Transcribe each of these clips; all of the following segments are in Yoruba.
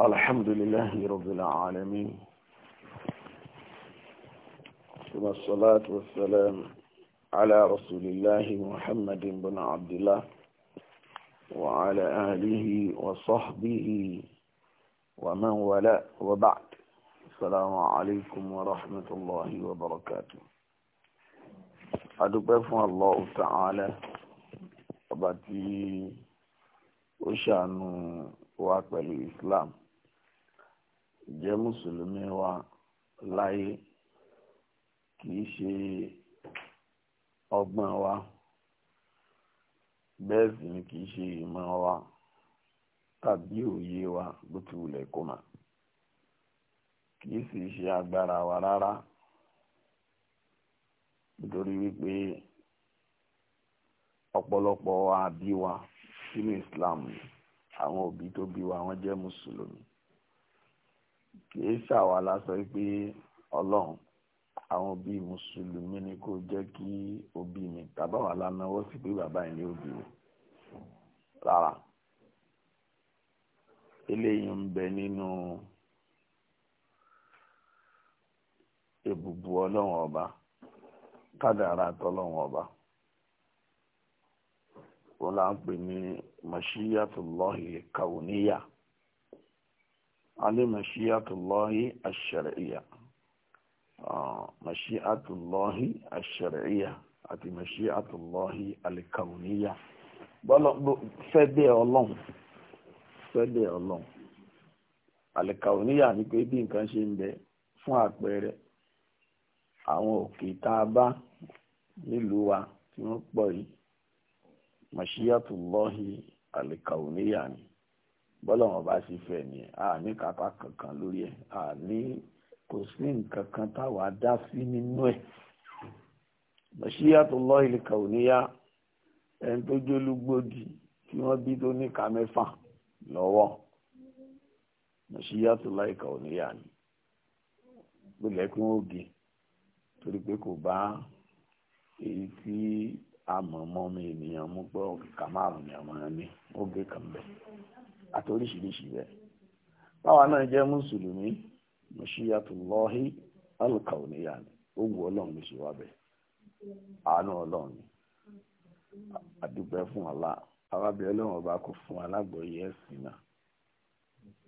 الحمد لله رب العالمين ثم الصلاة والسلام على رسول الله محمد بن عبد الله وعلى آله وصحبه ومن ولا وبعد السلام عليكم ورحمة الله وبركاته أدبه الله تعالى وبعد وشأن وأقبل الإسلام ìjẹ́ mùsùlùmí wa láyé kìí ṣe ọgbọ́n wa bẹ́ẹ̀ sì ni kìí ṣe ìmọ̀ wa tàbí òye wa bó ti wulẹ̀ kó mà kìí sì ṣe agbára wa rárá nítorí wípé ọ̀pọ̀lọpọ̀ wa bí wa sínú Islam àwọn òbí tó bí wa wọ́n jẹ́ mùsùlùmí kìí ṣàwa la sọ pé ọlọ́run àwọn òbí mùsùlùmí ni kò jẹ́ kí òbí mi bàbá wa la náwó sí pé bàbá yìí ni òbí mi rárá eléyìí ń bẹ nínú èbùbù ọlọ́run ọba kádàrá tọ́lọ́run ọba wọn là ń pè ní mọ̀ṣíyàtúlọ́hì kàwọ́níyà. a مشيئة الله الشرعية آه مشيئة الله الشرعية àti mashi'atullahi alikawuniya fẹ́dẹ̀ ọlọ́run ni pé bí nǹkan ṣe ń bẹ fún àpẹẹrẹ àwọn òkè tá a bá nílùú wa tí wọ́n yìí mashi'atullahi ni bọ́lọ́wọ́n bá sì fẹ́ ni a ní kápá kankan lórí ẹ̀ a ní kò sí nǹkan kan táwa dá sí nínú ẹ̀ mashiyatullahi al-kawniyya ẹni tó jólúgbòdì tí wọ́n bí tó ní ká mẹ́fà lọ́wọ́ mashiyatullahi al-kawniyya ni gbọ́dọ̀ kí wọ́n torí pé kò bá èyí tí a mọ̀ mọ́ mi ènìyàn mú pé ọ̀kà márùn-ún ni àwọn ẹni ó gé bẹ́ẹ̀. àtòríṣiríṣi rẹ̀ báwa náà jẹ́ mùsùlùmí mọ̀ṣíyàtúlọ́hí alùkàwùníyà ni ó wù ọlọ́run ló ṣe wá bẹ́ẹ̀ àánú ọlọ́run ni be fún ọlá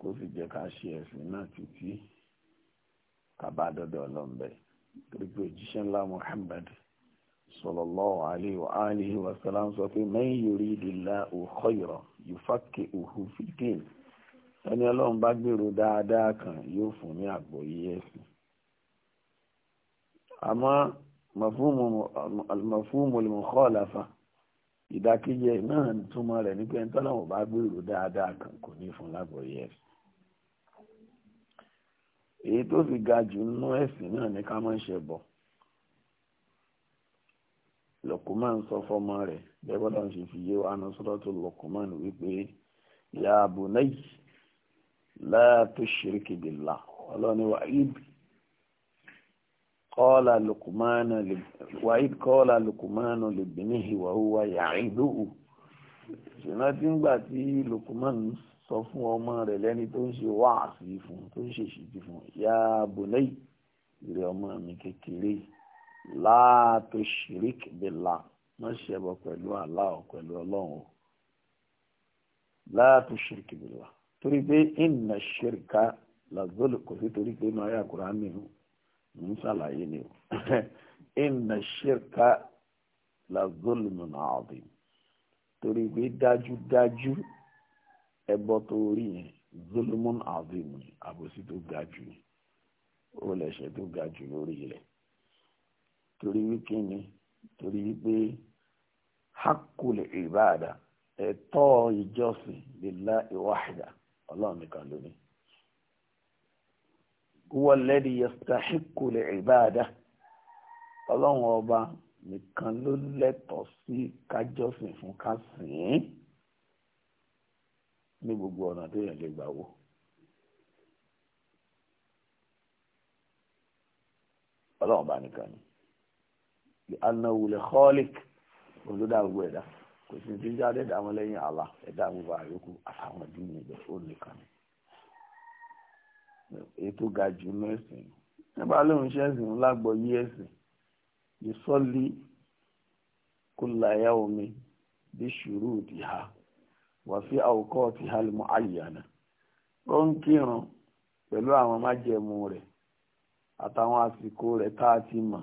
je ka pé òjíṣẹ́ ńlá Muhammad sallallahu alaihi wa alihi wa yufaqihuhu fid-din ẹni ọlọ́run bá gbèrò dáadáa kan yóò fún ní àgbọ́yé ẹ̀sìn àmọ́ mafhumu al-mukhalafa ìdákíjẹ náà túmọ̀ rẹ̀ ní pé ẹni tọ́lọ́run bá gbèrò dáadáa kan kò ní fún lágbọ́yé ẹ̀sìn èyí tó fi ga jù nínú ẹ̀sìn náà ni ká má ṣe bọ̀ Luqman sọ fọ́mọ rẹ̀ bẹ́ẹ̀ bọ́lá ń ṣe fi yé wa ní Suratul Luqman wípé ya bunayya la tushrik billah ọlọ́ni wa'id qala Luqmanu wa'id qala Luqmanu libnihi wa huwa ya'iduhu ṣùgbọ́n tí ń gbà tí Luqman sọ fún ọmọ rẹ̀ lẹ́ni tó ń ṣe wáàsí fún tó ń ṣe ṣìdí fún ya bunayya ìrẹ̀ ọmọ mi kékeré la tushrik billah má ṣẹbọ pẹ̀lú Allah o pẹ̀lú ọlọ́run o la tushriku billah torí pé inna shirka lazul kò sí torí pé máa yà kúrá mi o ń ṣàlàyé ni o inna shirka lazul mun azim torí pé dájúdájú ẹbọ tó rí yẹn zulumun azim ni àbòsí tó ga jù ni ó lẹ̀ṣẹ̀ tó ga jù lórí rẹ̀ torí wípé ni torí wípé. hakul ibada ẹ̀tọ́ ìjọsìn lillahi wahida ọlọ́run nìkan lónìí huwa alladhi yastahiqqu al-ibada ọlọ́run ọba nìkan ló lẹ́tọ̀ọ́ sí kájọ́sìn fún ká ní gbogbo ọ̀nà tó yẹn lè gbà wò. ọlọ́run ọba nìkan ni li annahu olódà gbogbo ẹ̀dá kò sí ti ń jáde ẹ̀dá wọn lẹ́yìn àlá ẹ̀dá gbogbo àyókù àtàwọn ìdí ìgbẹ́ ó nìkan ni ètò ga jù mẹ́sìn nípa lóun ṣe ẹ̀sìn ńlá gbọ́ yí ẹ̀sìn ìsọ́lí omi bí ṣùrù ti ha wà sí ha ó ń kírun pẹ̀lú àwọn májẹ̀mú rẹ̀ àtàwọn àsìkò rẹ̀ tá a ti mọ̀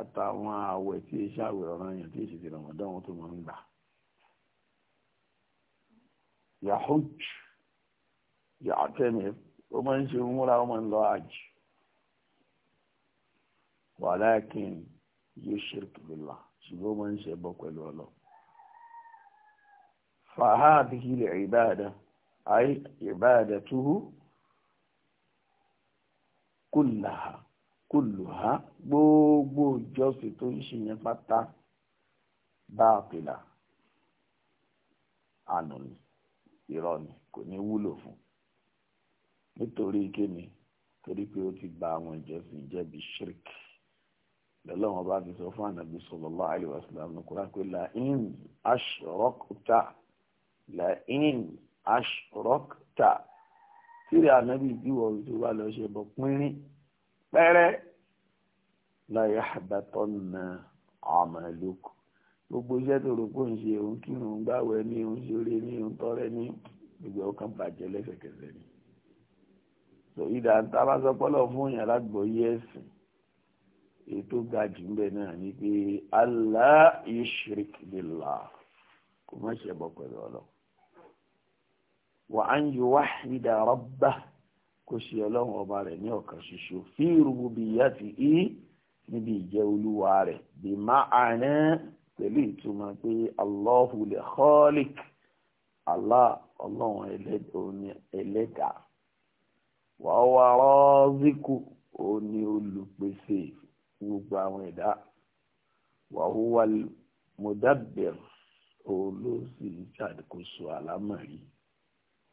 àtàwọn àwẹ̀ tí iṣẹ́ àwẹ̀ ọ̀ràn yẹn tí ìṣèṣe ramadan wọn tó máa ń gbà. yahud yàtẹ̀mí ó máa ń ṣe múra ó máa ń lọ àjì wàlákin yushrik billah ṣùgbọ́n ó máa ń ṣe bọ́ pẹ̀lú ọlọ́ fàhádìí kò lò á gbogbo ìjọsìn tó ń ṣe yẹn pátá bá àpìlà ànù ni irọ́ ni kò ní wúlò fún nítorí kíni torí pé ó ti bà àwọn ìjọsìn jẹ́ bí shirk lọ́lọ́wọ́n bá ti sọ fún ànàbí sallallahu alaihi wasallam ní Kùránì pé la in ashrokta la in ashrokta tí rí ànàbí ìdíwọ̀ tó bá lọ ṣe bọ̀ pínrín pẹ́rẹ́ láyé àbátọ́ na ọmọ ẹlòkù gbogbo iṣẹ́ tó rò pé ń ṣe òun kírun ń gbàwẹ̀ ní òun ṣeré ní òun tọrẹ ní gbogbo ọkàn bàjẹ́ lẹ́sẹ̀kẹsẹ̀ ni ìdá tá a bá sọ pọ́lọ̀ fún yàn lágbòóyé ẹ̀sìn ètò ga jù ń bẹ náà ni pé Allah yushrik billah kò má ṣe bọ́ pẹ̀lú ọlọ́ wa an yuwahhida rabbah kó ṣe ọlọ́run ọba rẹ̀ ní ọ̀kan ṣoṣo fi rububiyati í níbi ìjẹ́ olúwa rẹ̀ bí ma'ana pẹ̀lú ìtumọ̀ pé allahu le khalik allah ọlọ́run ẹlẹ́dà wa huwa raziku ó ní olùpèsè gbogbo àwọn ẹ̀dá wa huwa al àlámọ̀rí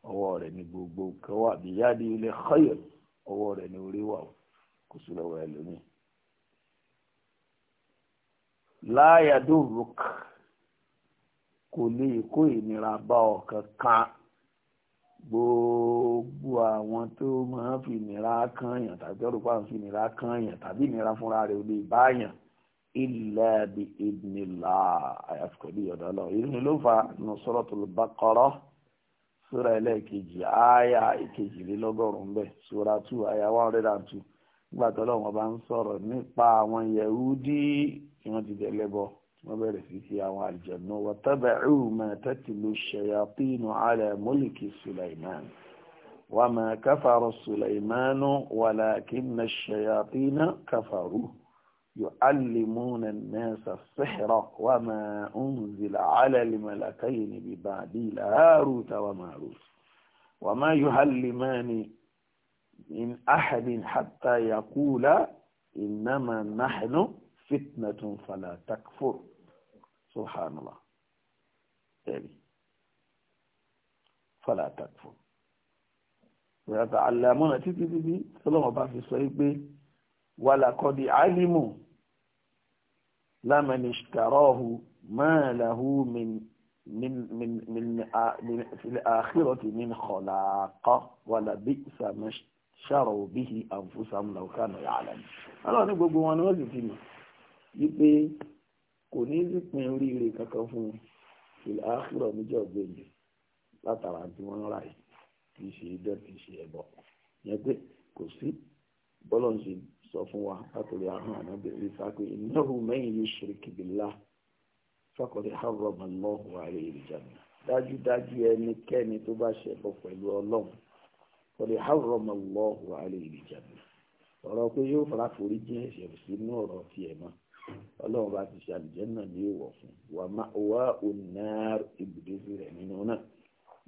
ọwọ́ rẹ̀ ní gbogbo nǹkan wà bí yáàdì ilé khayr ọwọ́ rẹ̀ ní orí wà kò sí lọ́wọ́ ẹlòmíì. la yadurruk kò lè kó ìnira bá ọ kankan gbogbo àwọn tó máa ń fi ìnira kànyàn tàbí tó rúpa ń fi ìnira kànyàn tàbí ìnira fúnra rẹ̀ ò lè báyàn illa bi idnillah àyàfi pẹ̀lú ìyọ̀dọ̀ lọ ìrìn ló fa nusratul baqara sura ẹlẹ́ẹ̀kejì aya ìkejìlélọ́gọ́rùn-ún bẹ́ẹ̀ sura two aya one hundred and two nígbà tó lọ́wọ́ bá ń sọ̀rọ̀ nípa àwọn yahudi tí wọ́n ti dẹ̀lẹ́bọ wọ́n bẹ̀rẹ̀ sí sí àwọn àlùjànnú wataba'u ma tatlu shayatinu ala mulki suleiman wa ma kafara suleimanu walakinna shayatina kafaru. يعلمون الناس السحر وما أنزل على الملكين ببعديل هاروت وماروت وما يعلمان من أحد حتى يقول إنما نحن فتنة فلا تكفر سبحان الله يعني فلا تكفر ويتعلمون تتتتي سلام الله في صحيح ولقد علموا lámẹ́ni ṣtàrọ́hù mẹ́ẹ̀lẹ́hù fìlẹ̀ àkírọ̀tì ní kọ̀láàkọ́ wàlà bí ìsàmẹ́ ṣàrọ̀ òbí hi àǹfùsàmù làwùkánà yàrá ni. ọlọ́run ní gbogbo wọn ni wọ́n sì ti mọ̀ wípé kò ní í pín oríire kankan fún fìlẹ̀ àkírọ̀ níjọ́ gbèjì látara tí wọ́n ń ra yìí kì í ṣe idán kì í ṣe ẹbọ yẹn pé kò sí bọ́lọ̀ ń ṣe sọ fún wa látòrí ahọ́n ànábìrin sápé innahu man yushrik billah faqad harrama Allahu alayhi al-janna dájúdájú ẹnikẹ́ni tó bá ṣẹbọ pẹ̀lú ọlọ́run faqad harrama Allahu alayhi al-janna pé yóò fara forí jìn ẹ̀ṣẹ̀ sínú ọ̀rọ̀ tiẹ̀ mọ́ ọlọ́run bá ti ṣe àlùjànnà ní èèwọ̀ fún wa ibùdó nínú náà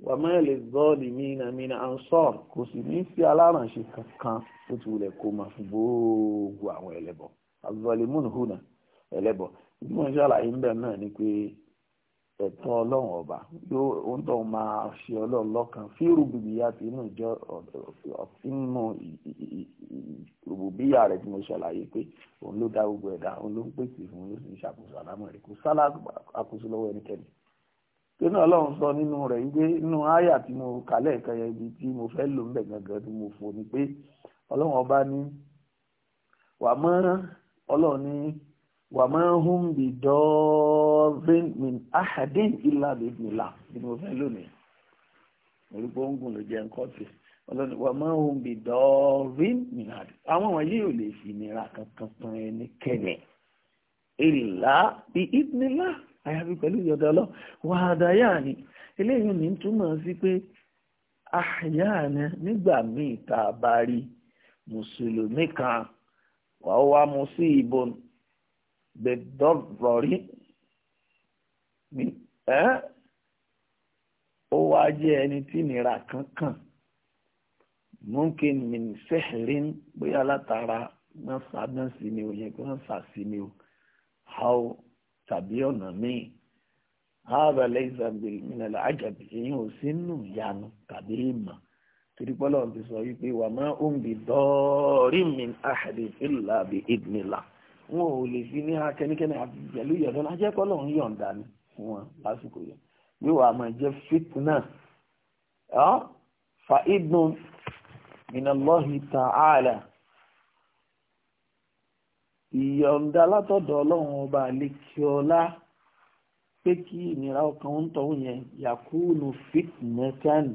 wàmọ́ lè zọ́ọ̀lì mìíràn mìíràn ansọ́r kò sì ní sí alárànṣe kankan tó ti wulẹ̀ kó máa fún gbogbo àwọn ẹlẹ́bọ̀ azọ́ọ̀lìmùn hùnà ẹlẹ́bọ̀ bí wọ́n ṣàlàyé ń bẹ̀ náà ni pé ẹ̀tọ́ ọlọ́run ọba yóò ń tọ́ máa ṣe ọlọ́run lọ́kàn fírù bìbíyà tí inú ìjọ ọ̀tínú ìrùbíyà rẹ̀ tí mo ṣàlàyé pé òun ló dá gbogbo tónú ọlọ́run sọ nínú rẹ̀ wípé nínú àyà tí mo kàlẹ̀ kan yẹn ibi tí mo fẹ́ lò ń bẹ̀ gangan tí mo fò ní pé ọlọ́run ọba ní wà mọ́ ọlọ́run ní wà mọ́ hum bi dọ́ọ́rin min ahadin illa bìbìlà tí mo fẹ́ lò ní orúkọ ogun ló jẹ́ nǹkan tì ọlọ́run wà mọ́ hum bi dọ́ọ́rin min ahadin àwọn wọ̀nyí ò lè fi ìnira kankan tán ẹnikẹ́ni illa bi idnillah àyàfi pẹ̀lú ìyọ̀dọ̀ ọlọ́ wàhádàyà ni eléyìí ní túmọ̀ sí pé àyà ni nígbà míì tá a bá rí mùsùlùmí kan wàá wá mu sí ìbọn gbẹdọ̀rọ̀rí ẹ́ ó wá jẹ́ ẹni tí nira kankan mọ́kìn mìnísẹ́hìrín bóyá látara wọ́n sá náà sí ni o yẹ kí wọ́n sá sí ni o tàbí ọ̀nà míì haza laysa minal ajab èyàn ò sí nù yanu tàbí ìmọ̀ torí pọ́lọ́ ti sọ wípé wà máa ń bi darrin min ahadin illa bi idnillah wọn ò lè fi ní akẹ́nikẹ́ni àti pẹ̀lú ìyọ̀dọ́ náà jẹ́ ń yọ̀ǹda ni fún wọn lásìkò yẹn wíwà máa jẹ́ fitna fa idnun minallahi ta'ala ìyọ̀ǹda látọ̀dọ̀ ọlọ́run ọba àlekíọ́lá pé kí ìnira ọkàn ń tọ́hún yẹn yakunu fitnetan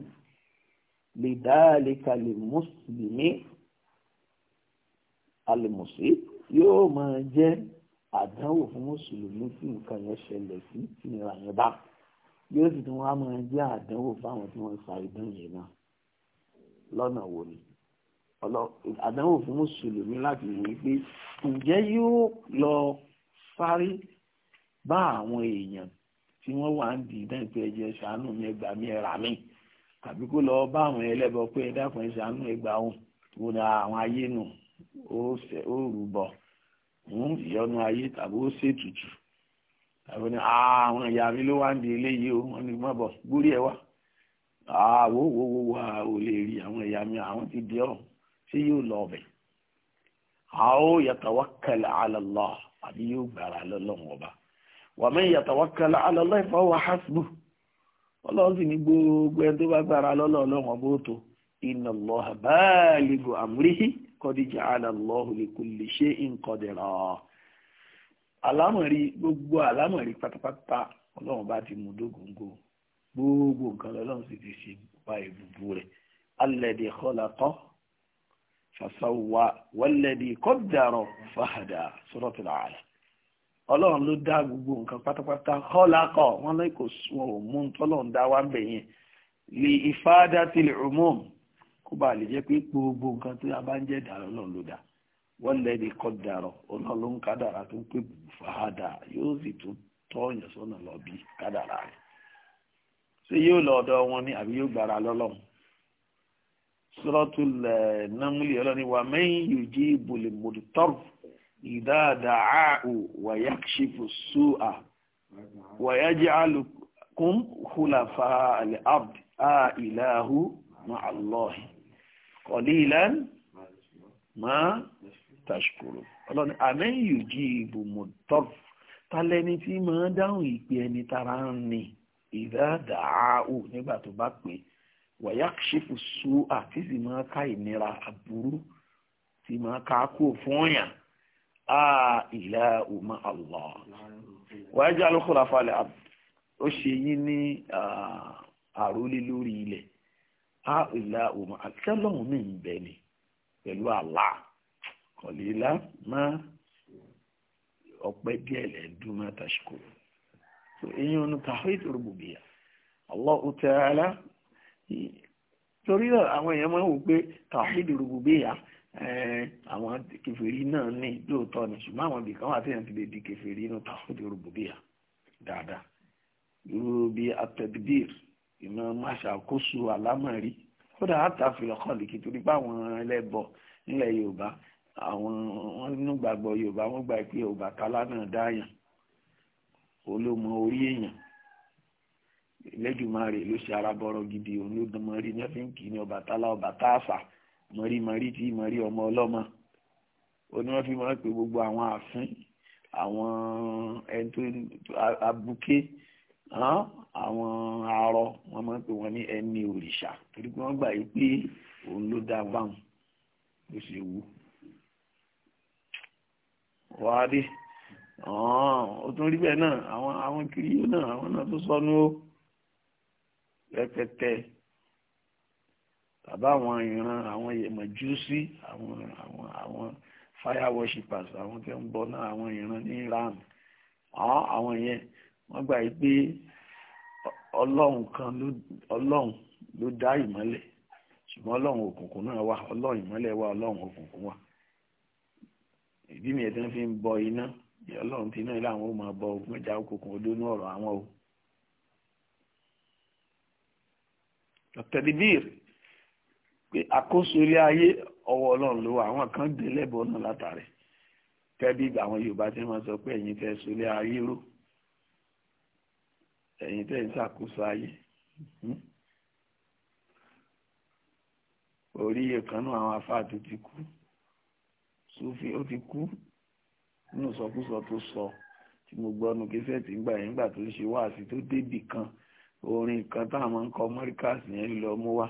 lè dá àlekà lè mùsùlùmí alèmùsí yóò máa jẹ́ àdánwò fún mùsùlùmí tí nǹkan yẹn ṣẹlẹ̀ sí tí ìnira yẹn bá yóò sì tún wá máa jẹ́ àdánwò fáwọn tí wọ́n sa idán yẹn náà lọ́nà wo ni àdánwò fún mùsùlùmí láti wò wípé ǹjẹ́ yóò lọ sáré bá àwọn èèyàn tí wọ́n wà ń dìídá ìpè ẹ̀jẹ̀ ṣàánú mi ẹgbà mi ẹ̀rà mi tàbí kó lọ bá àwọn ẹlẹ́bọ pé ẹ dákun ẹ ṣàánú ẹgbà òun wo ni àwọn ayé nù ó rúbọ ń ìyọnu ayé tàbí ó ṣètùtù tàbí ni àwọn ìyá mi ló wá ń di eléyìí o wọn ni mọ̀ bọ̀ gbórí ẹ wá àwòwòwò wa ò lè rí àwọn ìyá mi àwọn ti di ọ̀hún tí yóò lọ ọbẹ̀ àó yatawakkal ala Allah àbí yóò gbàrà lọ́lọ́run ọba wa man yatawakkal ala Allah fa huwa hasbuh ọlọ́run sì ní gbogbo ẹni tó bá gbàrà lọ́lọ́run ọba ó tó inna Allaha balighu amrihi qad ja'ala Allahu li kulli shay'in qadira àlámọ̀rí gbogbo àlámọ̀rí pátápátá ọlọ́run bá ti mú dógóńgó gbogbo nǹkan lọ́lọ́run sì ti ṣe bá ìbùbù rẹ̀ alladhi khalaqa fasawa wàlẹ́dì kọ́dàrọ̀ fàdà suratul A'la ọlọ́run ló dá gbogbo nǹkan pátápátá kọ́lákọ̀ wọn lè kò wọn ò mú tọ́lọ́run dá wá bẹ̀ yẹn lè ifadatil umum kó bá lè jẹ́ pé gbogbo nǹkan tó yà bá ń jẹ́ dàrọ̀ ọlọ́run ló dá wọ́lẹ́dì kọ́dàrọ̀ ọlọ́run ló ń kádàrà tó ń pè bù fàdà yóò sì tún tọ́yàn sọ́nà lọ bí kádàrà rẹ̀ ṣé yóò lọ ọ̀dọ̀ wọn ni àbí yóò gbára lọ́lọ́run suratul eh, namli ọlọ́ni wa man yujibul mudtar idha da'ahu wa yakshifu su'a wa yaj'alukum khulafa'al ard a ilahu ma'allahi qalilan ma tashkuru ọlọ́ni amen yujibu mudtar talẹ́ni tí máa dáhùn ìpè ẹni tara ń ní ìdá dàáhù nígbà tó bá pè é wàyàkṣífù sú àti sì máa ká ìnira àbúrú tí máa ká kú fún ila á ìlà òmà Allah wàájá alókòlá falẹ̀ ó ṣe yín ní àrólé lórí ilẹ̀ á ìlà òmà àtẹ́lọ́hùn mi ń ni pẹ̀lú Allah kọ̀lélá máa ọpẹ́ díẹ̀ tàṣíkò so eyín onú torí àwọn èèyàn máa ń wò pé tawhid rububiyya eh, àwọn kèfèrí náà ní lóòótọ́ ni ṣùgbọ́n àwọn ibì kan wà tí èèyàn ti lè di kèfèrí inú tawhid rububiyya dáadáa irú bí atẹ́dìbìr ìmọ̀ máṣàkóso àlámọ̀rí kódà àtàfilọ̀ kọ́ọ̀lìkì pé àwọn ẹlẹ́bọ nílẹ̀ yorùbá àwọn wọn nínú yorùbá Elédùmarè ló ṣe ara bọ́rọ̀ gidi òun ló gan mọ́rí ní fi ń kì í ní Ọbàtálá Ọbàtáàṣà mọ́rí mọ́rí tí mọ́rí ọmọ ọlọ́mọ ó ní wọ́n fi máa ń pe gbogbo àwọn ààfin àwọn ẹni tó abuké àwọn arọ wọ́n máa ń pe wọ́n ní ẹni òrìṣà torí pé wọ́n gbà yí pé òun ló dá báwọn ló ṣe wù wáá dé ó tún rí bẹ́ẹ̀ náà àwọn kiri yóò náà àwọn náà tó sọnù ó rẹpẹtẹ tàbá àwọn ìran àwọn mọ̀júsí àwọn àwọn àwọn fire worshippers àwọn tí ń bọ náà àwọn ìran ní ram àwọn yẹn wọ́n gbà pé ọlọ́run kan ọlọ́run ló dá ìmọ́lẹ̀ ṣùgbọ́n ọlọ́run òkùnkùn náà wà ọlọ́run ìmọ́lẹ̀ wà ọlọ́run òkùnkùn wà ìdí mi ẹ̀ tí wọ́n fi ń bọ iná ọlọ́run tí iná ilé àwọn ò máa bọ ogun ìjà òkùnkùn odó ní ọ̀rọ̀ àwọn o ọ̀tẹ̀dìbíir pé àkóso ilé ayé ọwọ́ ọlọ́run ló wà àwọn kan gbé lẹ́bọ̀ọ́ náà látàrí tẹ́bí ìgbà àwọn yorùbá tí wọ́n sọ pé ẹ̀yin tẹ́ sólé ayé ró ẹ̀yin tẹ́ ń ṣàkóso ayé hmm? orí ìkànnù àwọn afáà tó ti kú sófì ó ti kú nínú sọkúsọ tó sọ tí mo gbọ́ nu kí sẹ́ẹ̀tì ń gbà yẹn nígbà tó ń ṣe wáàsí tó débì kan orin kan tá àwọn ń kọ mọ́ríkàsì yẹn lọ mú wá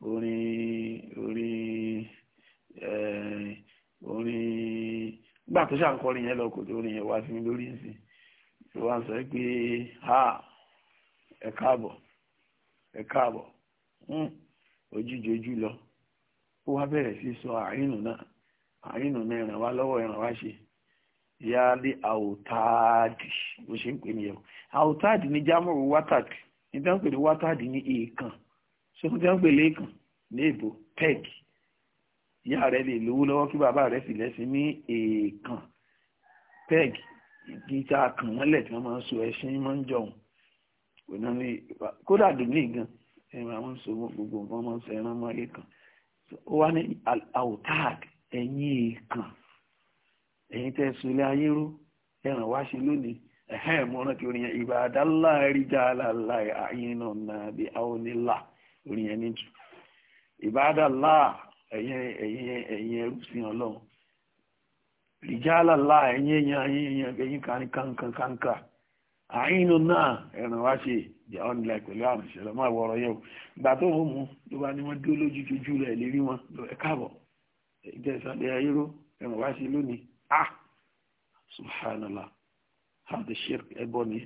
orin orin eh, orin gbà tó yẹn lọ kò tó orin yẹn wá sí mi lórí nsìn tó wá sọ pé ha ẹ káàbọ̀ ẹ hmm, lọ ó wá bẹ̀rẹ̀ sí sọ àrínù náà àrínù náà ràn wá lọ́wọ́ ràn wá ṣe ìyáálé àwòtáàdì bó ṣe ń pè nìyẹn àwòtáàdì jámọ̀rù wátàkì ní tí wọ́n pè ní wákàtí ní èèkàn so tí wọ́n pè lẹ́ẹ̀kan ní èbò peg ìyá rẹ̀ lè lówó lọ́wọ́ kí bàbá rẹ̀ sì lẹ́sìn ní èèkàn peg gíga kàn mọ́lẹ̀ tí wọ́n máa ń so ẹṣin máa ń jọun ònà ní kódà dùn ní gan ẹran àwọn so gbogbo nǹkan máa ń so ẹran máa èèkàn ó wá ní àwòtáàd ẹ̀yìn èèkàn ẹ̀yìn tẹ́ so ilé ẹran wá ṣe lónìí ẹ̀hẹ́n ya rántí orin yẹn ìbàdàlá ríjà aláàlá àyínà náà bí aonílà orin yẹn níjù ìbàdàlá ẹ̀yìn ẹ̀yìn ẹ̀yìn ẹrú sí ọlọ́run aláàlá ẹ̀yìn ẹ̀yìn ẹ̀yìn ẹ̀yìn kankan àyínà náà ẹ̀ràn wá ṣe bí aonílà pẹ̀lú àrùn ìṣẹ̀lẹ̀ máa wọ̀ yẹn o ìgbà tó wọ́n mú ló bá ní wọ́n dé rẹ̀ wọn ah! subhanallah hàdì shirk ẹbọ ni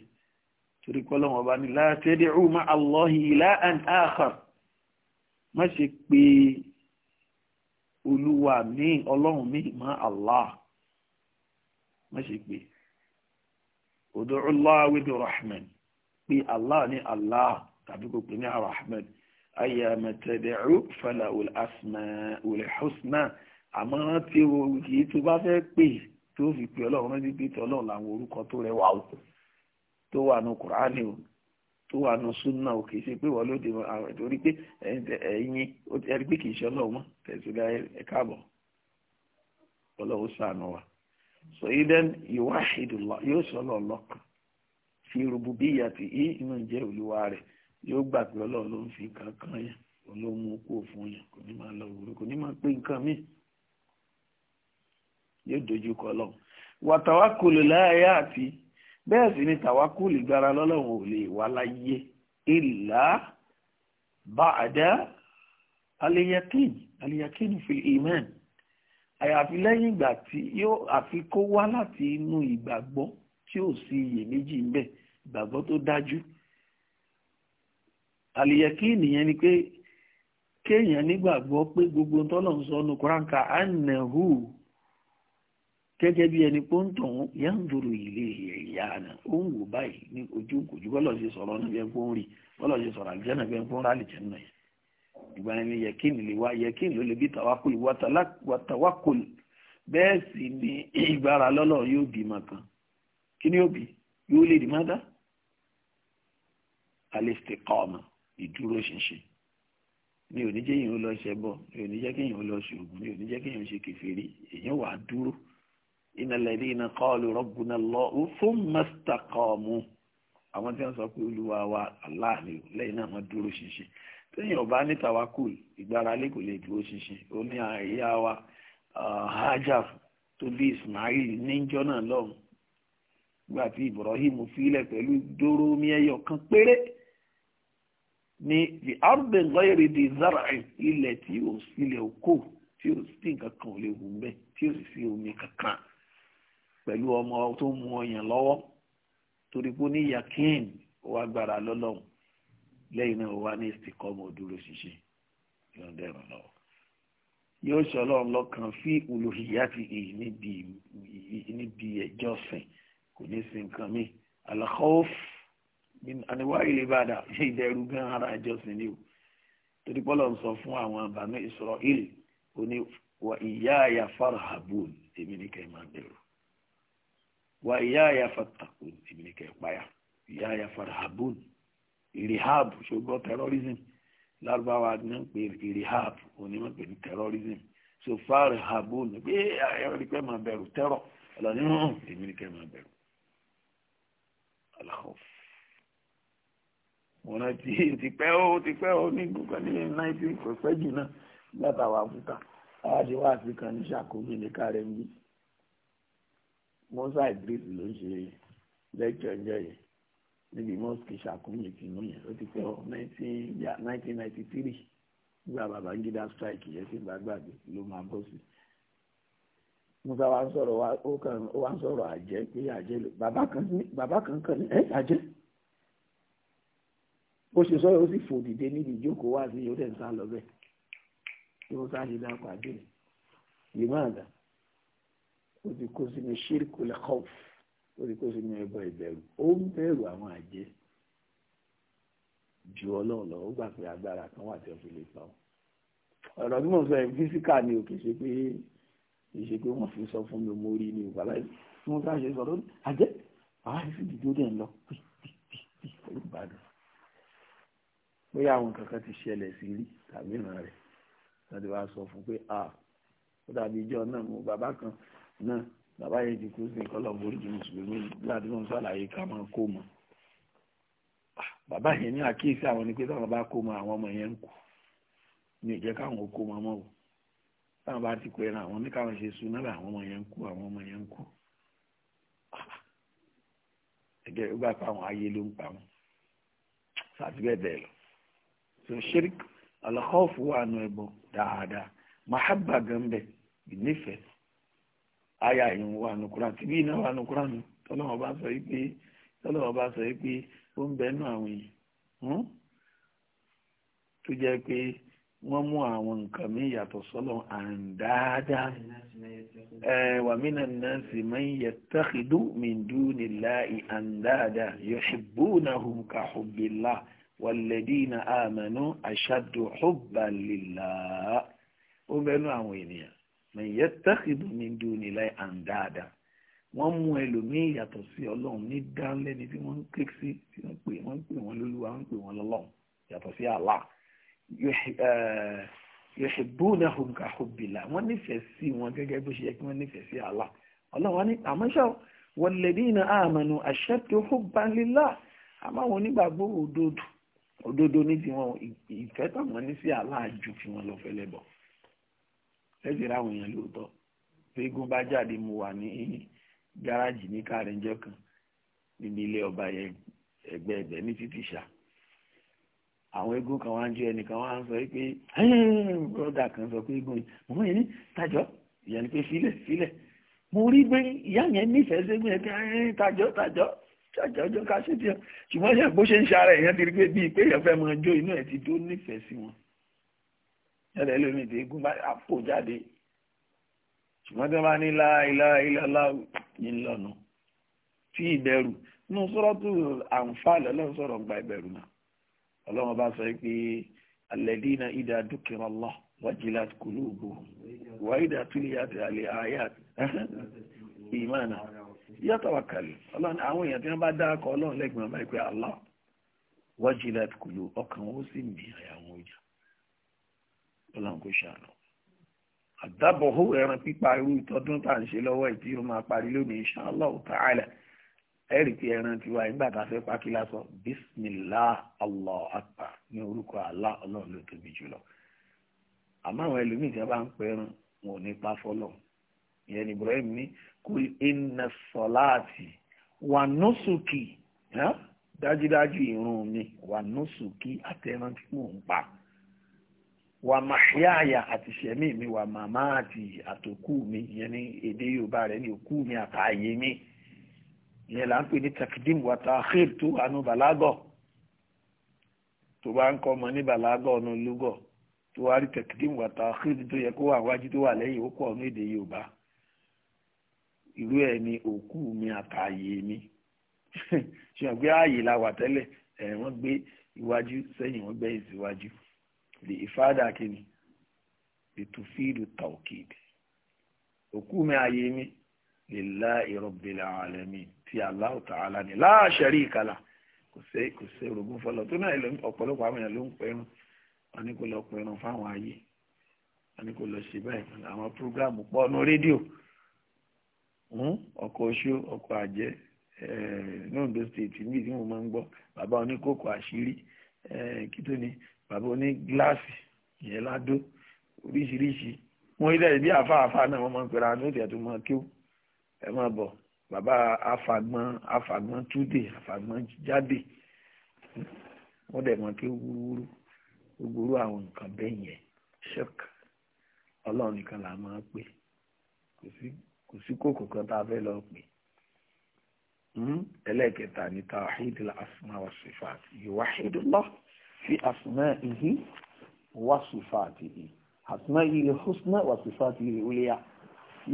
torí pọ́lọ́wọ́ ọba ni la tad'u ma'a Allahi ilahan akhar má ṣe pé olúwa mi ọlọ́run mi ma Allah má ṣe pé ud'u Allah wa ud'u rahman pé Allah ní Allah tàbí kò pè ní arahman ayyama tad'u falahu al-asma'ul husna àmọ́ rántí o kì í tó bá fẹ́ pè é tó fi pè ọlọ́run rántí pé tọ́lọ́run làwọn orúkọ tó rẹwà o tó wà nù kùránì o tó wà nù súnà o kì í ṣe pé wọ́n lóde torí pé ẹ̀yin ẹ̀rí pé kì ṣe ọlọ́run mọ́ tẹ̀sílẹ̀ ẹ̀ káàbọ̀ ọlọ́run sànù wa so idan ìwáhìdùlọ yóò ṣe ọlọ́run lọ́kàn fi rububiyya ti í inú jẹ́ olúwa rẹ̀ yóò gbà pé ọlọ́run ló ń fi kankan yẹn olóhùn kó fún yẹn kò ní máa lọ òwúrọ̀ kò ní máa pé nǹkan míì yóò dojú kọ lọ wà tàwákùlù láàyè àti bẹ́ẹ̀ sì ni tàwákùlù gbára lọ́lọ́run ò lè wà láyé ìlà bá àdá aliyakin aliyakin fi iman àyàfi lẹ́yìn ìgbà tí yóò àfi kó wá láti inú ìgbàgbọ́ tí ò sí iyèméjì ń bẹ ìgbàgbọ́ tó dájú aliyakin nìyẹn ni pé kéèyàn nígbàgbọ́ pé gbogbo tọ́lọ̀ ń sọ ọ́nù kúránkà anahu gẹ́gẹ́ bí ẹni pé ń tàn yá ń dòrò ilé ìyá àná ó ń wò báyìí ní ojú kò ju bọ́lọ̀ ṣe sọ̀rọ̀ náà bẹ́ẹ̀ fún rí bọ́lọ̀ ṣe sọ̀rọ̀ àlùjànnà bẹ́ẹ̀ fún rálì jẹ́ náà yẹn ìgbà yẹn ni yẹkín lè wá yẹkín ló lè bí tàwákùlù wàtàwákùlù bẹ́ẹ̀ sì ni ìgbára lọ́lọ́ yóò bí mọ̀ kan kí ni yóò bí yóò lè dì má dá al-istiqama ìdúró ṣinṣin mi ò ní jẹ́ èèyàn lọ ṣẹbọ mi ò ní jẹ́ kéèyàn èèyàn wà á إن الذين قالوا ربنا الله ثم استقاموا mẹ́sítàkọ́ọ̀mù àwọn tí wọ́n sọ pé olúwa wa aláàlẹ́ lẹ́yìn náà wọ́n dúró ṣinṣin téèyàn ọba ní tawakul ìgbáralé kò lè dúró ṣinṣin ó ní àyà wa ah, hajaf tó bí ismail níjọ́ náà lọ́hùn gbà tí ibrahim filẹ̀ pẹ̀lú dóró mi ẹyọ kan péré ní the arden lọ́yẹ̀rì di zara'i ilẹ̀ tí ò sílẹ̀ òkò tí ò sí nǹkan kan ò lè hù bẹ́ẹ̀ tí ò sì sí omi kankan pẹ̀lú ọmọ tó mú ọyàn lọ́wọ́ torí pé ní yakin ó wá gbára lọ́lọ́run lẹ́yìn náà ó wá ní ìsìnkọ́mọ dúró ṣinṣin yóò dẹ̀rùn lọ́wọ́ yóò ṣe ọlọ́run lọ́kàn fí olùhìyàtì èyí níbi ẹjọ́ sìn kò ní sin nǹkan mi alakhawf àníwá ilé bàdà ṣe ìdẹ̀rù gan ara ẹjọ́ sìn ni o torí pọ́lọ̀ ń sọ fún àwọn àbámi Israel ó ní wà ìyá àyà farhabun èmi ní kẹ́ máa bẹ̀rù wà ìyá àyà fatakù èmi ni kẹ́ ẹ̀ páyà ìyá àyà farhabun irihab ṣùgbọ́n terrorism lárúbáwá ni wọ́n pè irihab òní wọ́n pè ní terrorism so farhabun pé ẹ̀rọ ni pé máa bẹ̀rù terror ọ̀làní hàn èmi ni kẹ́ máa bẹ̀rù al-khawf mo rántí ti pẹ́ ó ti pẹ́ ó ní gbogbo ní nineteen pẹ́ jù náà látàwọn àfúkà àdéhùn àfíkà ní sàkómi ní kárẹ́mbí. Musa Idris ló ń ṣe lẹ́kṣọ̀ ọjọ́ yẹn níbi mosque ṣàkóyè tìǹbù yẹn ó ti pẹ́ ọ nineteen nígbà Babangida strike yẹn sì bá gbàgbé ló máa bọ́ sí. Musa wa ń sọ̀rọ̀ ó wá ń sọ̀rọ̀ àjẹ́ pé àjẹ́ ló bàbá kan kàn ní ẹ́ àjẹ́ bó ṣe sọ̀rọ̀ ó sì fò dìde níbi ìjókòó wá sí yóò tẹ̀ ń sá lọ bẹ́ẹ̀ tí Musa ṣe dáko àjẹ́ ìmọ̀ àgbà ó ti kó sínú ṣírkù lẹ́kọ̀ọ́f ó ti kó sínú ẹbọ ìbẹ̀rù ó ń bẹ̀rù àwọn àjẹ́ ju ọlọ́run lọ ó gbà pé agbára kan wà tí ó fi lè pa ọ́ ọ̀rọ̀ tí mo sọ yẹn físíkà ni ò kì í ṣe pé kì í ṣe pé wọ́n fi sọ fún mi mo rí ni ìgbàlá yìí tí wọ́n sá ṣe sọ lórí àjẹ́ àwọn àìsí ìdíjó dẹ̀ ń lọ olùbàdàn bóyá àwọn kankan ti ṣẹlẹ̀ sí rí tàbí ìran rẹ̀ wọ́n ti wá sọ fún pé a ó dàbí ìjọ náà mo bàbá kan náà bàbá yẹn ti kú sí ìkọlọ̀ boríjì mùsùlùmí gbàdúrà ń sàlàyé ká máa kó mọ́ ah, bàbá yẹn ní àkíyèsí àwọn ni pé táwọn bá kó mọ́ àwọn ọmọ yẹn ń kú ní ìjẹ́ káwọn kó mọ́ mọ́ o táwọn bá ti kó ẹran àwọn ní káwọn ṣe sun náà àwọn ọmọ yẹn ń kú àwọn ọmọ yẹn ń kú ah, ẹgẹ ó gbà pé àwọn ayé ló ń pa wọn sàtìbẹ́ bẹ́ẹ̀ lọ so ṣírík alakọ́ọ̀fù wà nù ẹ̀bọ dáadáa mahabba gan bẹ́ẹ̀ ìnífẹ̀ẹ́ àyà ìhun wà nùkúrà tìbí iná wà nùkúrà nù tọ́lọ́wọ́ bá sọ pé tọ́lọ́wọ́ bá sọ pé ó ń bẹnu àwọn èèyàn hmm? tó jẹ́ pé wọ́n mú àwọn nǹkan mi yàtọ̀ sọ́lọ̀ àrùn dáadáa wàmínà náà sì máa ń yẹ tẹ́kìdú mìndú nílá ìhàn dáadáa yọ̀ṣìbú náà hùm ká hùbìlá wàlẹ́dínà àmànú àṣàdù hùbàlìlá ó bẹnu àwọn ènìyàn man yattakhidhu min dunillahi andada wọ́n mú ẹlòmíì yàtọ̀ sí ọlọ́run ní dánlẹ́ni tí wọ́n ń ké sí tí wọ́n pè wọ́n pè wọ́n lólúwa wọ́n pè wọ́n lọ́lọ́run yàtọ̀ sí Allah eh, yuhibbunahum ka hubbillah wọ́n nífẹ̀ẹ́ sí wọn gẹ́gẹ́ bó ṣe yẹ kí wọ́n nífẹ̀ẹ́ sí Allah ọlọ́run wọn ní àmọ́ṣá walladhina amanu ashaddu hubban lillah àmọ́ wọn onígbàgbọ́ òdodo òdodo ní tiwọn ìfẹ́ táwọn ní sí Allah ju tiwọn lọ fẹ́lẹ́ bọ̀ ẹ̀sìn ráwọn èèyàn lóòótọ́ fẹ́gùn bá jáde mo wà ní gáràjì ní kárẹ́njọ́ kan níbi ilé ọba ẹgbẹ́ ẹ̀bẹ̀ ní títì ṣá àwọn eégún kan wá ń jó ẹnìkan wá ń sọ pé bọ́dà kan sọ pé eégún mọ̀mọ́ yẹn ní tàjọ́ ìyẹn ni pé sílẹ̀ sílẹ̀ mo rí pé ìyá yẹn nífẹ̀ẹ́ ségun yẹn pé tàjọ́ tàjọ́ tàjọ́ ọjọ́ ká ṣe tiẹ̀ ṣùgbọ́n yẹn bó ṣe ń ṣe ara ẹ̀yẹn ti rí pé bíi pé èèyàn fẹ́ mọ ọjọ́ inú ẹ̀ ti tó nífẹ̀ẹ́ sí wọn. yàtọ̀ ẹlòmíì tí egun bá jáde ṣùgbọ́n tí wọ́n bá ní láìláìláìlá ìlànà tí ìbẹ̀rù nínú sọ́rọ́tù àǹfààní ọlọ́run sọ̀rọ̀ gba ìbẹ̀rù náà ọlọ́run bá sọ pé alladina idha ọlọ́run àwọn èèyàn tí wọ́n bá dákọ̀ ọlọ́run lẹ́gbẹ̀ẹ́ báyìí pé Allah wajilat qulubuhum ọkàn wọn ó sì ọlọ́run kò ẹran pípa irú ìtọ́dún tá à ń ṣe lọ́wọ́ ìtí ó máa parí lónìí inshallah ta'ala ẹ̀rì pé ẹran tiwa nígbà tá a fẹ́ allah akpa ní orúkọ allah ọlọ́run ló tóbi jùlọ àmọ́ àwọn ẹlòmíì tí wọ́n bá ń wọn ò ní pa ìyẹn ni ibrahim ní wa dájúdájú mi wà màṣíàyà àti ṣẹ̀mí mi wà màmá àti àtòkù mi ìyẹn ní èdè yorùbá rẹ̀ ní òkú mi àtààyè mi ìyẹn là ń pè ní takdim wa ta'khir tó àánú bàlágọ̀ tó bá ń kọ́ ọmọ ní bàlágọ̀ ọ̀nà lúgọ̀ tó wá rí takdim wa ta'khir tó yẹ kó wà wájú tó wà lẹ́yìn ó kọ́ ọ̀nà èdè yorùbá irú ẹ̀ ní òkú mi àtààyè mi ṣùgbọ́n ààyè la wà tẹ́lẹ̀ ẹ̀ wọ́n gbé iwájú sẹ́yìn wọ́n gbé ìsíwájú lè ìfádà kíni lè tó fíìlù taukid òkú mi ayé mi lillahi rabbil alamin tí Allahu ta'ala ni la sharika lah kò sí kò sí orogún fọlọ tó náà ọ̀pọ̀lọpọ̀ àwọn èèyàn ló ń pẹrun wọn ní kó lọ pẹrun fáwọn ayé wọn ní kó lọ ṣe báyìí àwọn prógráàmù pọ̀ ní rédíò hmm? ọkọ̀ oṣù ọkọ̀ àjẹ́ eh, ní Ondo state níbi tí mo máa ń gbọ́ bàbá oníkókò àṣírí eh, kí tó ni bàbá oní gíláàsì ìyẹn ládó oríṣiríṣi wọn ilẹ̀ ìbí àfáàfá náà wọ́n máa ń pera ní òtẹ̀ tó máa kíw ẹ máa bọ̀ bàbá afàgbọ́n afàgbọ́n túdè afàgbọ́n jáde wọ́n dẹ̀ máa kíw wúrúwúrú gbogbo àwọn nǹkan bẹ́ẹ̀ yẹn ṣọ́k ọlọ́run nìkan là máa pè kò sí kòkò kan tá a fẹ́ lọ pè hmm? ẹlẹ́ẹ̀kẹta ní tawhid al-asma wa sifat fi asma'ihi wa sifatihi asma'ihi al-husna wa sifatihi al-ulya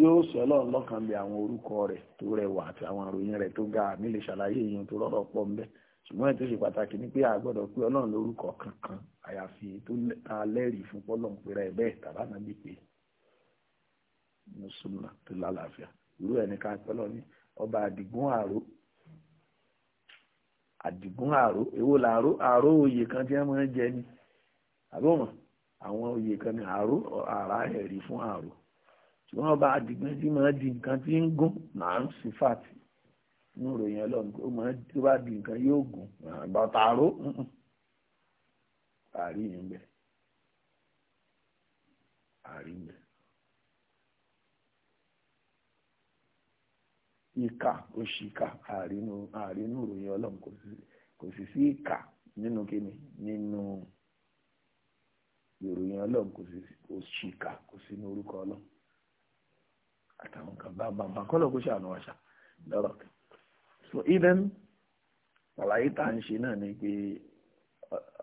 yóò sọ ọlọ́run lọ́kàn bí àwọn orúkọ rẹ̀ tó rẹwà àti àwọn àròyìn rẹ̀ tó ga àmì lè ṣàlàyé èèyàn tó rọ́rọ̀ pọ̀ ń bẹ ṣùgbọ́n ètò ṣe pàtàkì ni pé a gbọ́dọ̀ pé ọlọ́run lórúkọ kankan àyàfi tó alẹ́rìí fún pọ́lọ́n pera ẹ̀ bẹ́ẹ̀ tàbá náà bí pé mùsùlùmá tó lálàáfíà irú ẹni ká pẹ́lọ́ ní ọba àdìgún àrò àdìgún àró èwo làró àró oyè kan tí wọ́n máa ń jẹ ni àbọ̀mọ̀ àwọn oyè kan ní àró àrá ẹ̀rí fún àró ṣùgbọ́n bá àdìgún tí máa di nǹkan tí ń gún náà ń sì fàtì inú ìròyìn ọlọ́run ó máa tó bá di nǹkan yóò gùn bàtà àró àrí yẹn bẹ́ẹ̀ àrí bẹ́ẹ̀. ìkà òṣìkà àrínú àrínú ìròyìn ọlọ́run kò sì sí ìkà nínú kíni nínú ìròyìn ọlọ́run kò sì òṣìkà kò sí ní orúkọ ọlọ́run àtàwọn kan bá bá bá kọ́lọ̀ kó ṣàánú àṣà lọ́rọ̀ so even àlàyé tá à ń ṣe náà ni pé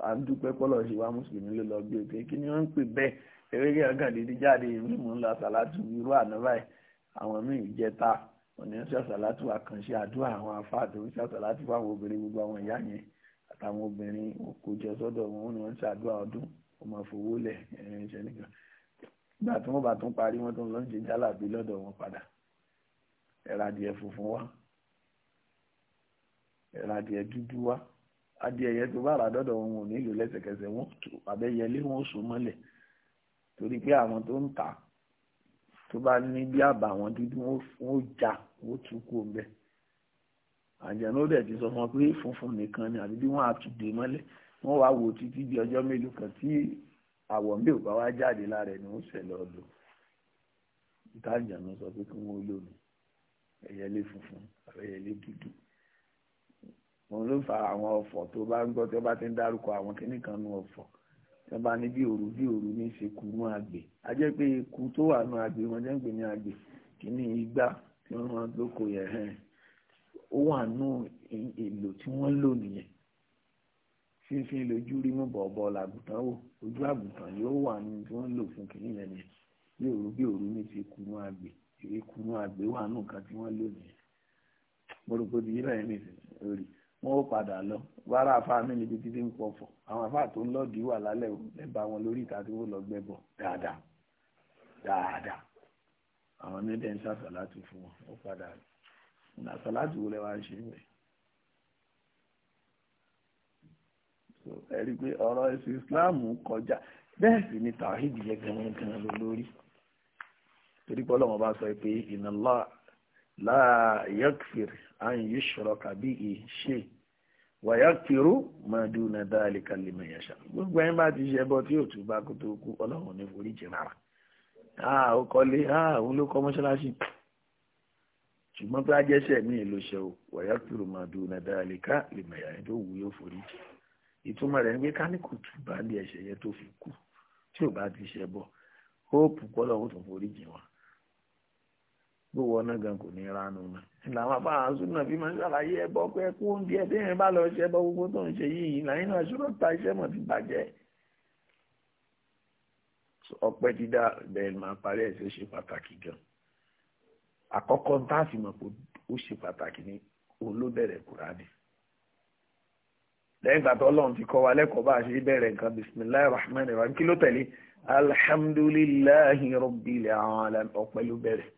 à ń dúpẹ́ kọ́lọ̀ ṣe wá mùsùlùmí ló lọ gbé pé kí ni wọ́n ń pè bẹ́ẹ̀ eré kí ọ̀gá dídí jáde ìrìnnà ńlá sàlátù irú àná báyìí àwọn míì jẹta òní ń ṣàṣàlátù àkànṣe àdúrà àwọn afáàdó ń ṣàṣàlátù fáwọn obìnrin gbogbo àwọn ìyá yẹn àtàwọn obìnrin òkòjọ sọ́dọ̀ wọn ni wọ́n ń ṣàdúrà ọdún ọmọ fowó lẹ̀ ẹ̀rín iṣẹ́ nìkan nígbà tí wọ́n bá tún parí wọ́n tún lọ ń ṣe jálàbí lọ́dọ̀ wọn padà ẹ̀rà adìẹ funfun wá ẹ̀rà adìẹ dúdú wá adìẹ yẹn tó bá rà dọ́dọ̀ wọn ò nílò lẹ́sẹ̀kẹsẹ̀ wọn àbẹ́yẹlé wọn ò mọ́lẹ̀ torí pé àwọn tó ń ta tó bá ní bí àbàwọ́n dúdú wọn ó já wọn ó tún kú ọbẹ àjẹnú ó dẹ̀ ti sọ fún wọn pé funfun nìkan ni àbí bí wọ́n á tún dè mọ́lẹ̀ wọ́n wá wò títí di ọjọ́ mélòó kan tí àwọ̀ mi ò bá wá jáde lára ẹ̀ ni wọ́n ṣẹlẹ̀ ọ̀dọ̀ ìta àjẹnú sọ pé kí wọ́n lómi ẹyẹlé funfun ẹyẹlé dúdú òun ló fa àwọn ọ̀fọ̀ tó bá ń gbọ́ tó bá ti ń dárúkọ àwọn kíníkan nu ọ̀fọ̀ ẹ bá ní bí òru bí òru ní ṣe kú mú àgbè a jẹ́ pé ikú tó wà nù àgbè wọn jẹ́ ń pè ní àgbè kìíní igbá tí wọ́n máa lóko yẹn hàn ó wà nù èlò tí wọ́n lò nìyẹn fífi lójú rí mú bọ̀ọ̀bọ̀ làgùntàn wò ojú àgùntàn yóò wà nù tí wọ́n lò fún kìíní yẹn ni bí òru bí òru ní ṣe kú mú àgbè ikú mú àgbè wà nù kan tí wọ́n lò nìyẹn mo rò pé ibi yìí báyìí nìyẹn lórí wọn ó padà lọ bára àfa níbi títí ń pọ̀ fọ̀ àwọn àfáà tó ń lọ́ọ̀dì wà lálẹ́ ẹ̀bà wọn lórí ìta tí wọ́n lọ gbẹ́bọ̀ dáadáa dáadáa àwọn nídẹ̀ ń ṣàṣàlátù fún wọn ó padà ṣàṣàlátù wo lẹ́wà ṣe ń bẹ̀. ẹ rí i pé ọ̀rọ̀ ẹ̀sìn Islam kọjá bẹ́ẹ̀ sì ni tàwíìdì yẹ gan-an gan-an ló lórí torí pé ọlọ́mọ bá sọ pé inna Allah la yakfir an yushraka bihi shay' wàyà kìrú màdù nàdá àlìkalẹ̀ mẹ́yàṣà gbogbo ẹ̀yin bá ti ṣe ẹbọ tí yóò tún bá kó tó kú ọlọ́run ní forí jì rárá àà ah, ó kọ́lé àà ah, òun ló kọ́ mọ́ṣáláṣí ṣùgbọ́n tó ajẹ́sẹ̀ mí ló ṣe o wàyà kìrú màdù nàdá àlìkalẹ̀ mẹ́yàṣà tó wù yóò forí jì ìtumọ̀ rẹ̀ ń gbé káníkù tù bá ní ẹ̀ṣẹ̀ yẹn tó fi kú tí ò bá ti ṣe ẹbọ hóòpù kọ́lọ́run tó forí jì wọn bó wọ náà gan kò ní ránu náà làwọn apá àwọn súnà bí máa ń ṣàlàyé ẹbọ pé kú oúnjẹ téèyàn bá lọ ṣẹbọ gbogbo tó ń ṣe yìí làyín náà ṣúrọ ta iṣẹ́ mọ ti bàjẹ́ ọpẹ́ dídá bẹ́ẹ̀ máa parí ẹ ṣe pàtàkì gan àkọ́kọ́ tá a sì mọ̀ pé ó ṣe pàtàkì ní olóbẹ̀rẹ̀ kùránì lẹ́yìn ìgbà tó Ọlọ́run ti kọ́ wa lẹ́kọ̀ọ́ bá a ṣe bẹ̀rẹ̀ nǹkan bisimilayi rahman rahim kí ló tẹ̀lé alhamdulilayi rabbil alamin ọpẹ́ ló bẹ̀rẹ̀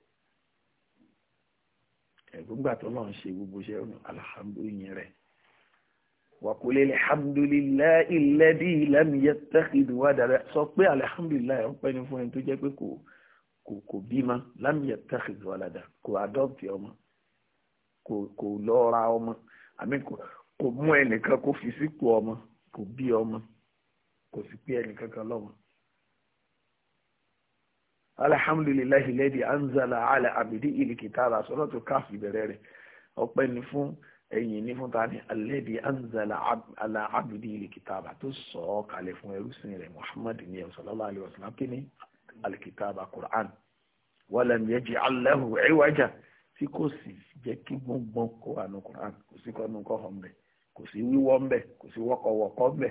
ẹ̀gbọ́ngbà tó lọ́n ṣe gbogbo iṣẹ́ ọ̀nà alhamdulilayi rẹ̀ wàkúlẹ̀ alhamdulilayi alladhi lam yattakhidh walada sọ pé alhamdulilayi ọ̀pẹ́ ni fún ẹni tó jẹ́ pé kò kò bímọ lam yattakhidh walada kò adopt ọmọ kò lọ ra ọmọ àmì kò mú ẹnìkan kó fi sípò ọmọ kò bí ọmọ kò sì pé ẹnìkan kan lọ́mọ alhamdulilayi lẹ́dí anzala ala abidi ilikitara sọ́nà tó káfí bẹ̀rẹ̀ rẹ̀ ọpẹ́ ni fún ẹ̀yìn ní fún tani alẹ́dí anzala ala abidi ilikitara tó sọ ọ́ kalẹ̀ fún ẹrúsìn rẹ̀ muhammadu ní sallallahu alaihi wasallam kíní alikitaba qur'an walam yaj'al lahu iwaja tí kò sì jẹ́ kí gbọ́ngbọ́n kó wà ní qur'an kò sí kọ́nu kọ́ hàn bẹ́ẹ̀ kò sí wíwọ́ ń kò sí wọ́kọ̀wọ́kọ́ ń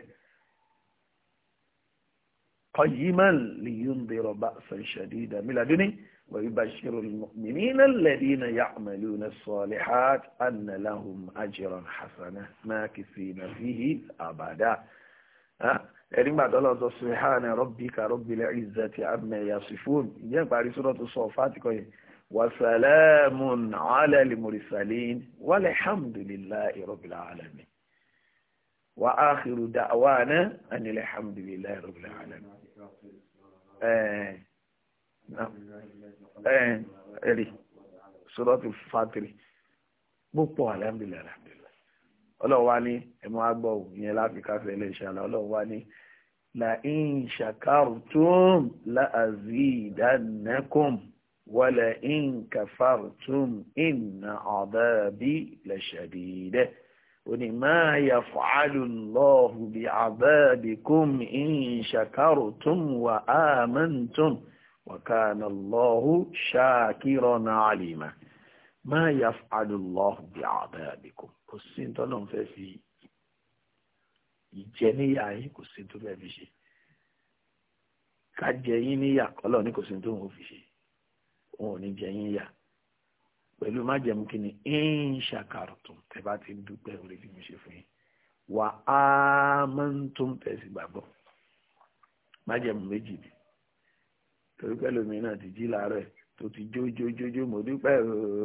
قيما لينذر بأسا شديدا من لدنه ويبشر المؤمنين الذين يعملون الصالحات أن لهم أجرا حسنا ماكثين فيه أبدا يعني بعد الله سبحان ربك رب العزة عما يصفون يعني بعد سورة الصوفات وسلام على المرسلين والحمد لله رب العالمين وآخر دعوانا أن الحمد لله رب العالمين ẹ̀rì sọ́dọ̀tì fàtìrì púpọ̀ alhamdulillah alhamdulillah ọlọ́wà ní ẹmọ agbọ̀ ìyẹn láti káfẹ́ ilé ìṣàlá ọlọ́wà ní la in shakartum la azidannakum wa la in kafartum inna adabi la shadide òní máa yà fàálù lọ́ọ̀hù bí àbábìkún ìṣàkárùtún wà áàmẹ́ntún wàkánà lọ́ọ̀hù ṣàkírọ̀nà àlìmá máa yà fàálù lọ́ọ̀hù bí àbábìkún kò sí tọ́lọ́ fẹ́ fi ìjẹ níyà yín kò sí tó fẹ́ fi ṣe ká jẹ yín níyà kọ́lọ̀ ní kò sí tó ń fi ṣe òun ò ní jẹ yín yà pẹ̀lú májẹ̀mú kínní ń ṣàkàrọ̀tún tẹ bá ti dúpẹ́ orí tí mo ṣe fún yín wà á máa ń tún tẹ̀sí gbàgbọ́ májẹ̀mú méjì ni torí pẹ̀lú mi náà ti jí láàárọ̀ tó ti jójójójó mo dúpẹ́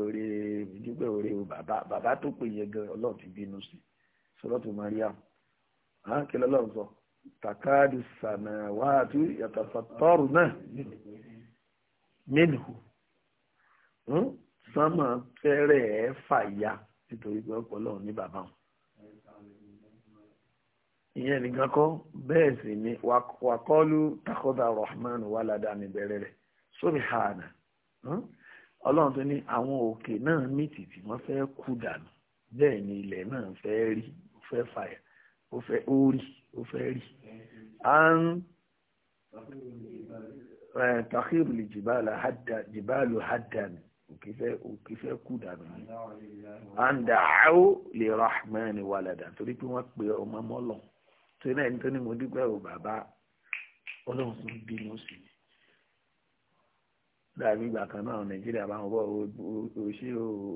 orí mo dúpẹ́ orí o bàbá bàbá tó pè yẹ gan ọlọ́run ti bínú sí sọlọ́tù Mariam àwọn kí lọ́lọ́run sọ takadu sàmẹ̀wáàtú yàtọ̀ fàtọ́rù náà minhu. Hmm? sánmà fẹ́rẹ̀ ẹ̀ fàya nítorí pé ọpọlọ ní bàbá wọn. ìyẹn nìkan kọ́ bẹ́ẹ̀ sì ni wàkọ́lù takọ́dà rahman wàládà ní bẹ̀rẹ̀ rẹ̀ subhana hm? ọlọ́run tó ní àwọn òkè náà ní tìtì wọ́n fẹ́ kú dànù bẹ́ẹ̀ ni ilẹ̀ náà fẹ́ rí ó fẹ́ fàyà ó fẹ́ ó ó fẹ́ rí à ń tahiru lè jìbálù haddan òkè fẹ́ kú dànù ni àǹdà àwò lè rahman wàlàdà torí pé wọ́n pe ọmọ mọ́lọ̀ torí náà ẹni tó ní mo dúpẹ́ o bàbá ọlọ́run tó ń bínú sí i dàbí ìgbà kan náà nàìjíríà bá ń wọ òṣè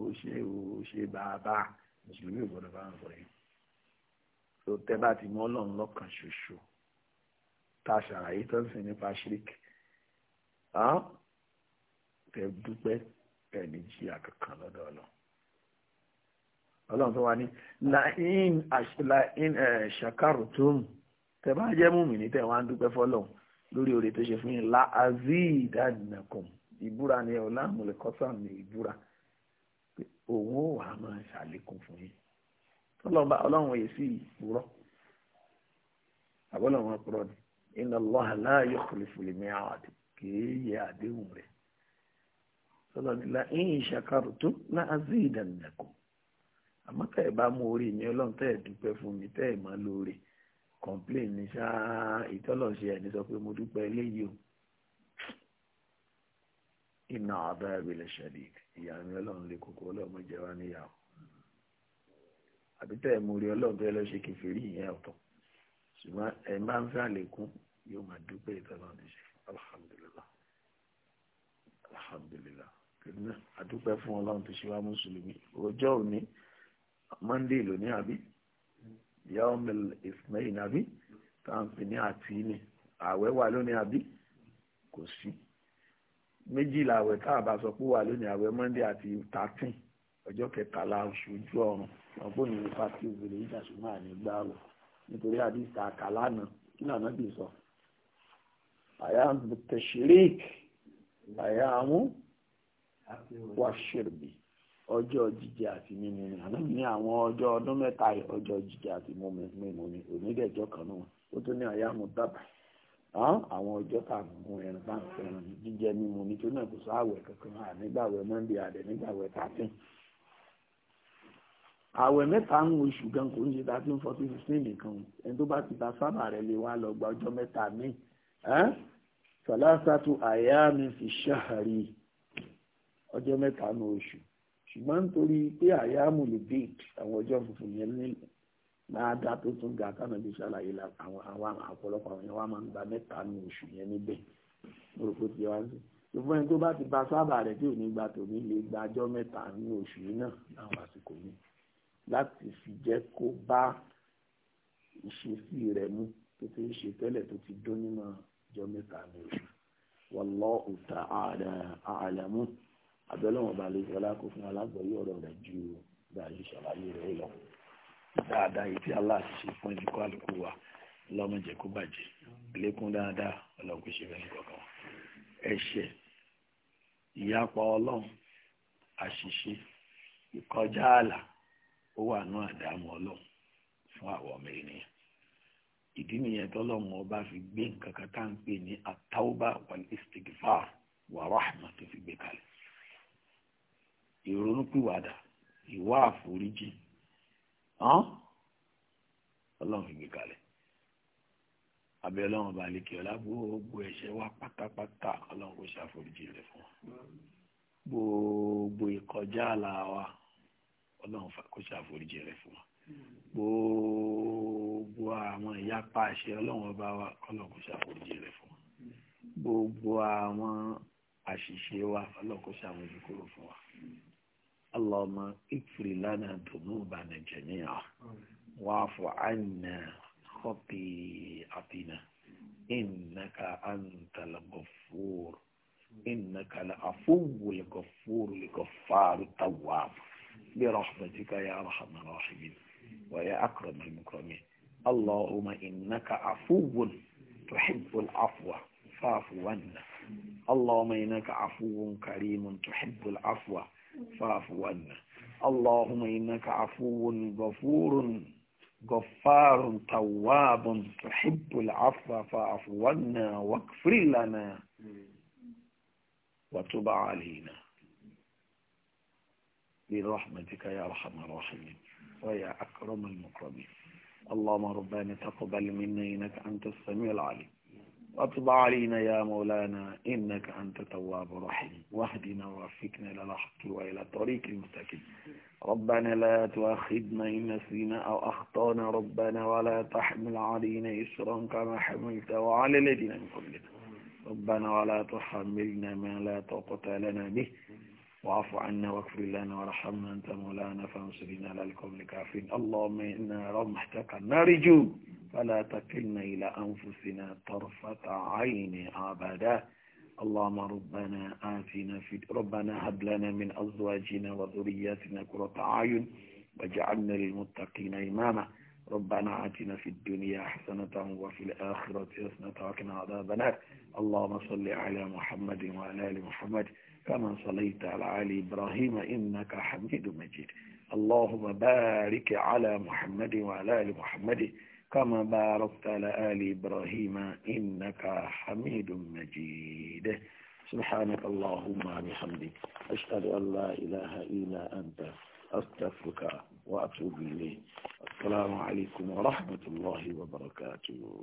òṣè òṣè bàbá mùsùlùmí ò gbọdọ̀ bá ń wọ yìí tó tẹ́ bá ti mú ọlọ́run ṣoṣo tá a ṣàlàyé tó ń sìn nípa ṣíríkì tẹ dúpẹ́ ẹ̀ ní jìyà kankan lọ́dọ̀ ọlọ́run ọlọ́run tó wá ní lain ṣakarutum eh, tẹ bá jẹ́ múmi ní tẹ wá ń dúpẹ́ fọ́lọ́run lórí oore tó ṣe fún yín la azidanakum ìbúra ni ọ̀la àmúlẹ̀kọ́sà ní ìbúra òun ò wá máa ṣàlékún fún yín tọ́lọ́ba ọlọ́run èyí sì purọ́ àbọ́lọ́run purọ́ ni inna Allaha la yukhlifu al-mi'ad kì àdéhùn rẹ̀ sọlọ́dúnlá ìyìn ìṣàkàrò tó náà sí ìdànìdàkọ̀ àmọ́ tẹ́ ẹ̀ bá mú orí mi ọlọ́run tẹ́ ẹ̀ dúpẹ́ fún mi tẹ́ ẹ̀ máa lóore complain ní ṣáá ìtọ́lọ̀ṣe ẹ̀ ní sọ pé mo dúpẹ́ eléyìí o iná àbá ìbílẹ̀ ṣẹ̀lẹ̀ ìyá mi ọlọ́run lè kókó ọlọ́run jẹ wá níyàwó àbí tẹ́ ẹ̀ mú orí ọlọ́run tẹ́ kẹfìrí ìyẹn ọ̀tọ̀ ṣùgbọ́n ẹ̀ máa ń kìnnà àdúpẹ́ fún ọlọ́run tó ṣe wá mùsùlùmí ọjọ́ òní monday lónìí àbí yaomil ismail àbí táǹpì ní àti ní ààwẹ̀ wà lónìí àbí kò sí méjìlá ààwẹ̀ tá a bá sọ pé wà lónìí ààwẹ̀ monday àti thirteen ọjọ́ kẹtàlá oṣù ojú ọ̀run ọgbọ́n ní nípa tí obìnrin yìí dàṣùmọ́ ànígbà rò nítorí àdìsá àkàlà náà kí lànà bì sọ àyà tẹ̀síríkì àyà àwọn wà ṣèrèbì ọjọ́ jíjẹ àti mímu ni ànábì ní àwọn ọjọ́ ọdún mẹ́ta ọjọ́ jíjẹ àti mímu ni onídẹ̀ẹ́jọ́ kan náà ó tún ní àyà mú dábàá àwọn ọjọ́ tá a mú ẹran bá ń fẹ́ràn jíjẹ mímu nítorí náà kò sáwẹ̀ kankan ànígbàwẹ̀ monday àdẹ̀ nígbàwẹ̀ thirteen àwẹ̀ mẹ́ta ń oṣù gan kò ń ṣe thirteen fourteen fifteen nìkan ẹni tó bá ti ta sábà rẹ̀ lè wá lọ gba ọjọ́ mẹ́ta míì ṣàlásàtú àyà mi fi ṣáàrí ọjọ́ mẹ́ta nu oṣù ṣùgbọ́n nítorí pé àyàmù lè bíìd àwọn ọjọ́ funfun yẹn nílẹ̀ dáadáa tó tún ga kánàbí ṣàlàyé àwọn àpọ̀lọpọ̀ àwọn yẹn wá máa ń gba mẹ́ta nu oṣù yẹn níbẹ̀ mo rò pé ti wá sí ìfún ẹni tó bá ti ba sábà rẹ̀ tí ò ní gba tòní lè gba ọjọ́ mẹ́ta nu oṣù yìí náà láwọn àsìkò yìí láti fi jẹ́ kó bá ìṣesí rẹ̀ mú tó ti ń ṣe tẹ́lẹ̀ tó ti dún nínú ọjọ́ mẹ́ta nu oṣù wallahu ta'ala a'lamu àbẹ́lẹ́wọ̀n balẹ̀ ìṣọ́lá kó fún alágbọ̀yé ọ̀rọ̀ rẹ̀ ju báyìí ṣàlàyé rẹ̀ lọ dáadáa yìí tí aláàṣì ṣe fún ìdíkọ́ àlùkù wa lọ́mọdé kó bàjẹ́ lékún dáadáa ọlọ́kùn ṣe fẹ́ ẹ̀ṣẹ̀ ìyapa ọlọ́run àṣìṣe ìkọjá ààlà ó wà ní àdámọ́ ọlọ́run fún àwọn ọmọ ènìyàn ìdí nìyẹn tọ́lọ́run ọba fi gbé nǹkan kan tá à ń pè ní àtàwọ́bà wal istighfar wa rahma tó fi gbé kalẹ̀ ìrònúpìwàdà ìwà àforíjì hàn ọlọ́run ìgbé kalẹ̀ abẹ́ ọlọ́run bá lè kí ọlá gbogbo ẹ̀ṣẹ̀ wa pátápátá ọlọ́run kò ṣàforíjì rẹ̀ fún wa gbogbo ìkọjá àlà wa ọlọ́run kò ṣàforíjì rẹ̀ fún wa gbogbo àwọn ìyapa àṣẹ ọlọ́run ọba wa ọlọ́run kò ṣàforíjì rẹ̀ fún wa gbogbo àwọn àṣìṣe wa ọlọ́run kò ṣàmójúkúrò fún wa اللهم اغفر لنا ذنوبنا جميعا واعف عنا خطيئتنا إنك أنت الغفور إنك العفو الغفور الغفار التواب برحمتك يا أرحم الراحمين ويا أكرم المكرمين اللهم إنك عفو تحب العفو فاعف عنا اللهم إنك عفو كريم تحب العفو فاعف عنا اللهم إنك عفو غفور غفار تواب تحب العفو فاعف عنا واغفر لنا وتب علينا برحمتك يا أرحم الراحمين ويا أكرم المكرمين اللهم ربنا تقبل منا إنك أنت السميع العليم واتب علينا يا مولانا إنك أنت تواب رحيم واهدنا ووفقنا إلى الحق وإلى الطريق المستقيم ربنا لا تؤاخذنا إن نسينا أو أخطأنا ربنا ولا تحمل علينا إسرا كما حملت وعلى الذين من قبلنا ربنا ولا تحملنا ما لا طاقة لنا به واعف عنا واغفر لنا وارحمنا أنت مولانا فانصرنا على القوم الكافرين اللهم إنا رمحتك نرجو فلا تكلنا إلى أنفسنا طرفة عين أبدا اللهم ربنا آتنا في ربنا هب لنا من أزواجنا وذرياتنا قرة أعين واجعلنا للمتقين إماما ربنا آتنا في الدنيا حسنة وفي الآخرة حسنة وقنا عذاب النار اللهم صل على محمد وعلى آل محمد كما صليت على آل إبراهيم إنك حميد مجيد اللهم بارك على محمد وعلى آل محمد كما باركت على آل إبراهيم إنك حميد مجيد سبحانك اللهم وبحمدك أشهد أن لا إله إلا أنت أستغفرك وأتوب إليك السلام عليكم ورحمة الله وبركاته